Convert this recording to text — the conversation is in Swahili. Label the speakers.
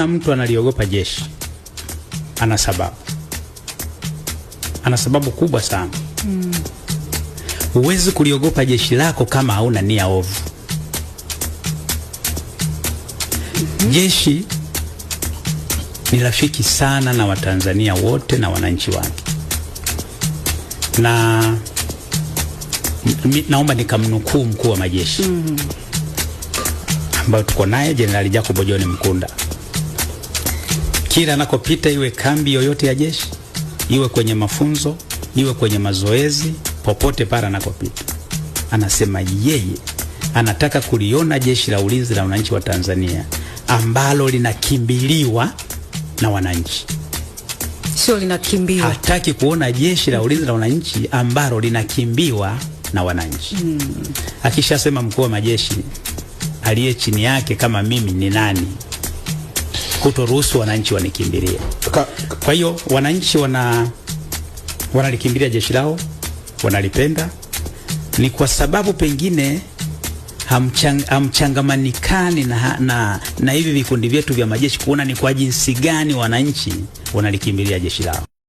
Speaker 1: Na mtu analiogopa jeshi ana sababu, ana sababu kubwa sana mm. Huwezi kuliogopa jeshi lako kama hauna nia ovu mm -hmm. Jeshi ni rafiki sana na Watanzania wote na wananchi wake, na naomba nikamnukuu mkuu wa majeshi mm -hmm. ambayo tuko naye Jenerali Jacob John Mkunda kila anakopita, iwe kambi yoyote ya jeshi, iwe kwenye mafunzo, iwe kwenye mazoezi, popote pale anakopita, anasema yeye anataka kuliona jeshi la ulinzi la wananchi wa Tanzania ambalo linakimbiliwa na wananchi,
Speaker 2: sio linakimbiwa.
Speaker 1: Hataki kuona jeshi la ulinzi la wananchi ambalo linakimbiwa na wananchi hmm. Akishasema mkuu wa majeshi aliye chini yake kama mimi ni nani? kutoruhusu wananchi wanikimbilie. Kwa hiyo wananchi wana wanalikimbilia jeshi lao, wanalipenda, ni kwa sababu pengine hamchang, hamchangamanikani na, na, na hivi vikundi vyetu vya majeshi kuona ni kwa jinsi gani wananchi wanalikimbilia jeshi lao.